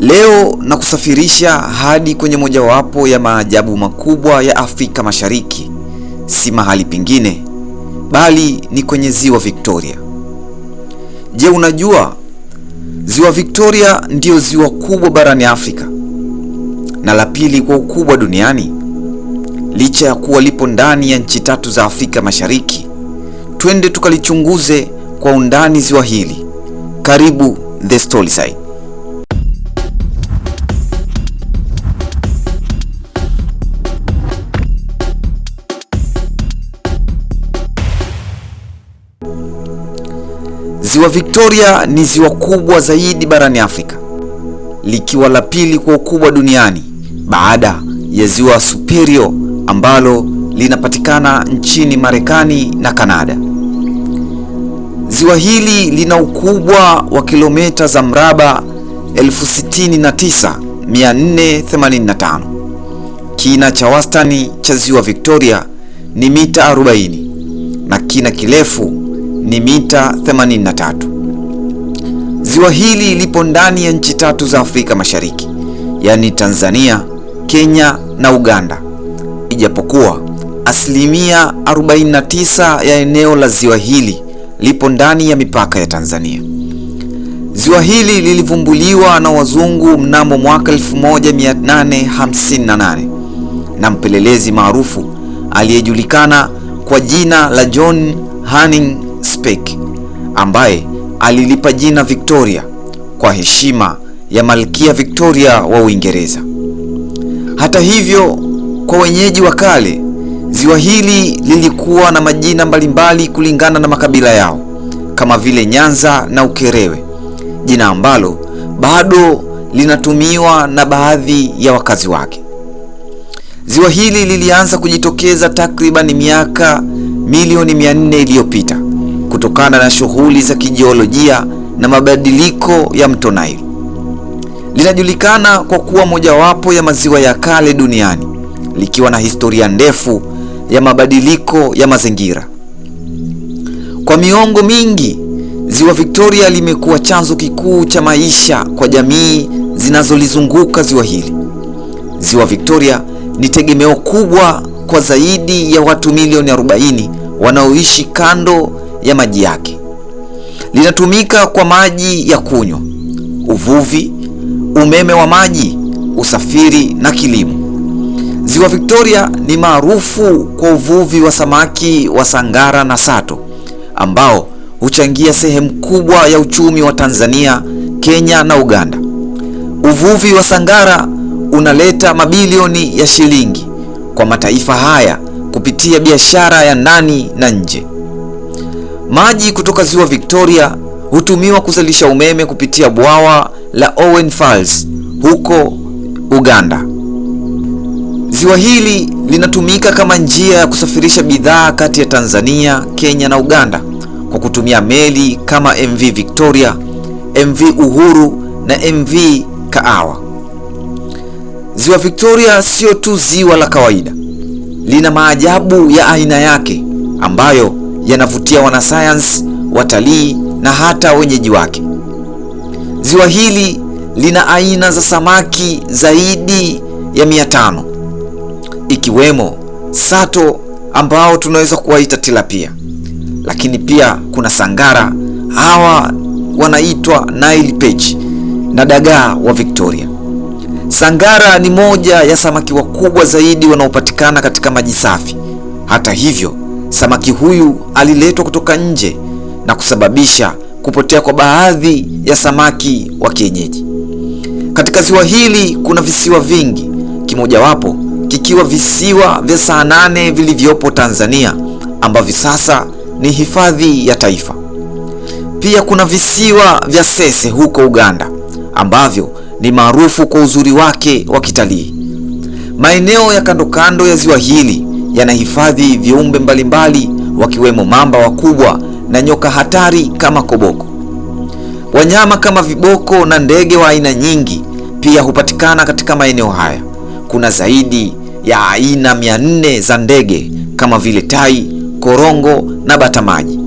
Leo na kusafirisha hadi kwenye mojawapo ya maajabu makubwa ya Afrika Mashariki, si mahali pengine bali ni kwenye Ziwa Victoria. Je, unajua Ziwa Victoria ndiyo ziwa kubwa barani Afrika na la pili kwa ukubwa duniani, licha ya kuwa lipo ndani ya nchi tatu za Afrika Mashariki. Twende tukalichunguze kwa undani ziwa hili. Karibu The Storyside. Ziwa Victoria ni ziwa kubwa zaidi barani Afrika, likiwa la pili kwa ukubwa duniani baada ya ziwa Superior ambalo linapatikana nchini Marekani na Kanada. Ziwa hili lina ukubwa wa kilomita za mraba 69485. Kina cha wastani cha ziwa Victoria ni mita 40 na kina kirefu ni mita 83. Ziwa hili lipo ndani ya nchi tatu za Afrika Mashariki, yaani Tanzania, Kenya na Uganda, ijapokuwa asilimia 49 ya eneo la ziwa hili lipo ndani ya mipaka ya Tanzania. Ziwa hili lilivumbuliwa na wazungu mnamo mwaka 1858 na mpelelezi maarufu aliyejulikana kwa jina la John Hanning Speck ambaye alilipa jina Victoria kwa heshima ya Malkia Victoria wa Uingereza. Hata hivyo, kwa wenyeji wa kale, ziwa hili lilikuwa na majina mbalimbali kulingana na makabila yao kama vile Nyanza na Ukerewe, jina ambalo bado linatumiwa na baadhi ya wakazi wake. Ziwa hili lilianza kujitokeza takriban miaka milioni 400 iliyopita kutokana na shughuli za kijiolojia na mabadiliko ya mto Nile. Linajulikana kwa kuwa mojawapo ya maziwa ya kale duniani, likiwa na historia ndefu ya mabadiliko ya mazingira. Kwa miongo mingi, Ziwa Victoria limekuwa chanzo kikuu cha maisha kwa jamii zinazolizunguka ziwa hili. Ziwa Victoria ni tegemeo kubwa kwa zaidi ya watu milioni 40 wanaoishi kando ya maji yake. Linatumika kwa maji ya kunywa, uvuvi, umeme wa maji, usafiri na kilimo. Ziwa Victoria ni maarufu kwa uvuvi wa samaki wa sangara na sato ambao huchangia sehemu kubwa ya uchumi wa Tanzania, Kenya na Uganda. Uvuvi wa sangara unaleta mabilioni ya shilingi kwa mataifa haya kupitia biashara ya ndani na nje. Maji kutoka ziwa Victoria hutumiwa kuzalisha umeme kupitia bwawa la Owen Falls huko Uganda. Ziwa hili linatumika kama njia ya kusafirisha bidhaa kati ya Tanzania, Kenya na Uganda kwa kutumia meli kama MV Victoria, MV Uhuru na MV Kaawa. Ziwa Victoria sio tu ziwa la kawaida, lina maajabu ya aina yake ambayo yanavutia wanasayansi, watalii na hata wenyeji wake. Ziwa hili lina aina za samaki zaidi ya mia tano ikiwemo sato ambao tunaweza kuwaita tilapia, lakini pia kuna sangara, hawa wanaitwa Nile perch na dagaa wa Victoria. Sangara ni moja ya samaki wakubwa zaidi wanaopatikana katika maji safi. Hata hivyo Samaki huyu aliletwa kutoka nje na kusababisha kupotea kwa baadhi ya samaki wa kienyeji. Katika ziwa hili kuna visiwa vingi, kimojawapo kikiwa visiwa vya saa nane vilivyopo Tanzania ambavyo sasa ni hifadhi ya taifa. Pia kuna visiwa vya Sese huko Uganda ambavyo ni maarufu kwa uzuri wake wa kitalii. Maeneo ya kando kando ya ziwa hili yanahifadhi viumbe mbalimbali wakiwemo mamba wakubwa na nyoka hatari kama koboko. Wanyama kama viboko na ndege wa aina nyingi pia hupatikana katika maeneo haya. Kuna zaidi ya aina mia nne za ndege kama vile tai, korongo na bata maji.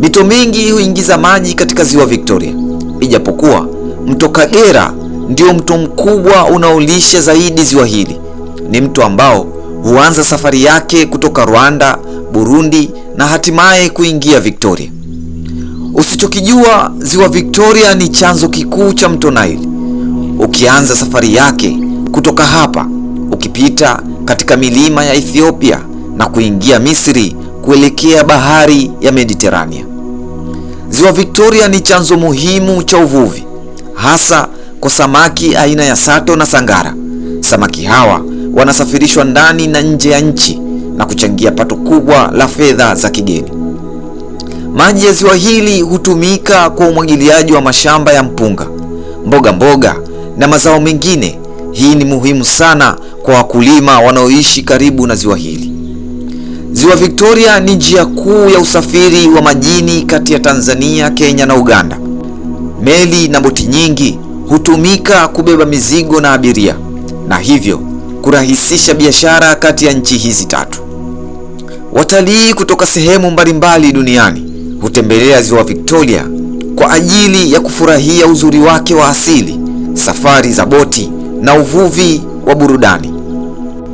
Mito mingi huingiza maji katika ziwa Victoria, ijapokuwa mto Kagera ndio mto mkubwa unaolisha zaidi ziwa hili. Ni mto ambao huanza safari yake kutoka Rwanda, Burundi na hatimaye kuingia Victoria. Usichokijua, ziwa Victoria ni chanzo kikuu cha mto Nile. Ukianza safari yake kutoka hapa, ukipita katika milima ya Ethiopia na kuingia Misri kuelekea bahari ya Mediterania. Ziwa Victoria ni chanzo muhimu cha uvuvi, hasa kwa samaki aina ya sato na sangara. Samaki hawa wanasafirishwa ndani na nje ya nchi na kuchangia pato kubwa la fedha za kigeni. Maji ya ziwa hili hutumika kwa umwagiliaji wa mashamba ya mpunga, mboga mboga na mazao mengine. Hii ni muhimu sana kwa wakulima wanaoishi karibu na ziwa hili. Ziwa Victoria ni njia kuu ya usafiri wa majini kati ya Tanzania, Kenya na Uganda. Meli na boti nyingi hutumika kubeba mizigo na abiria na hivyo kurahisisha biashara kati ya nchi hizi tatu. Watalii kutoka sehemu mbalimbali duniani hutembelea ziwa Victoria kwa ajili ya kufurahia uzuri wake wa asili, safari za boti na uvuvi wa burudani.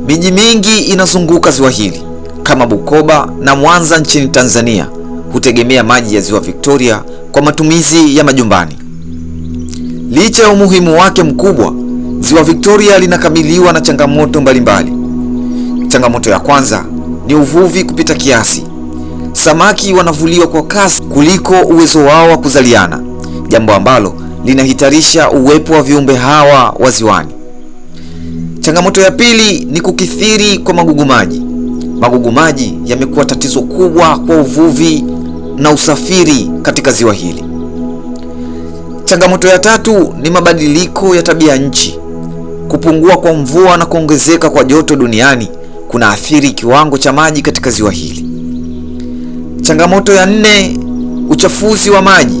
Miji mingi inazunguka ziwa hili kama Bukoba na Mwanza nchini Tanzania hutegemea maji ya ziwa Victoria kwa matumizi ya majumbani. Licha ya umuhimu wake mkubwa Ziwa Victoria linakabiliwa na changamoto mbalimbali mbali. Changamoto ya kwanza ni uvuvi kupita kiasi. Samaki wanavuliwa kwa kasi kuliko uwezo wao wa kuzaliana, jambo ambalo linahitarisha uwepo wa viumbe hawa wa ziwani. Changamoto ya pili ni kukithiri kwa magugu maji. Magugu maji yamekuwa tatizo kubwa kwa uvuvi na usafiri katika ziwa hili. Changamoto ya tatu ni mabadiliko ya tabia nchi. Kupungua kwa mvua na kuongezeka kwa joto duniani kunaathiri kiwango cha maji katika ziwa hili. Changamoto ya nne, uchafuzi wa maji.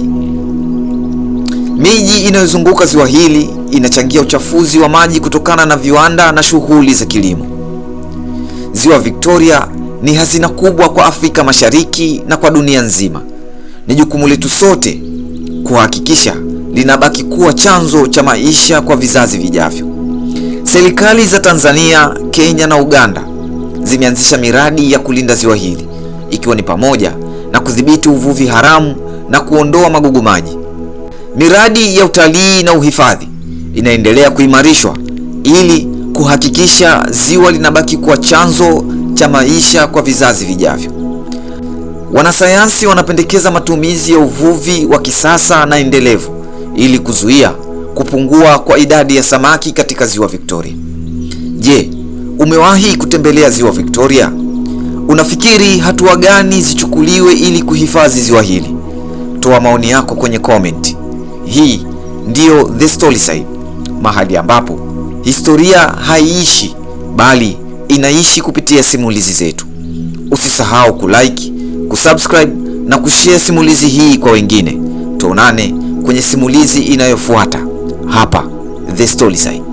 Miji inayozunguka ziwa hili inachangia uchafuzi wa maji kutokana na viwanda na shughuli za kilimo. Ziwa Victoria ni hazina kubwa kwa Afrika Mashariki na kwa dunia nzima. Ni jukumu letu sote kuhakikisha linabaki kuwa chanzo cha maisha kwa vizazi vijavyo. Serikali za Tanzania, Kenya na Uganda zimeanzisha miradi ya kulinda ziwa hili ikiwa ni pamoja na kudhibiti uvuvi haramu na kuondoa magugu maji. Miradi ya utalii na uhifadhi inaendelea kuimarishwa ili kuhakikisha ziwa linabaki kuwa chanzo cha maisha kwa vizazi vijavyo. Wanasayansi wanapendekeza matumizi ya uvuvi wa kisasa na endelevu ili kuzuia kupungua kwa idadi ya samaki katika ziwa Victoria. Je, umewahi kutembelea ziwa Victoria? Unafikiri hatua gani zichukuliwe ili kuhifadhi ziwa hili? Toa maoni yako kwenye comment. Hii ndiyo The Storyside, mahali ambapo historia haiishi bali inaishi kupitia simulizi zetu. Usisahau kulike, kusubscribe na kushare simulizi hii kwa wengine. Tuonane kwenye simulizi inayofuata hapa The Story Side.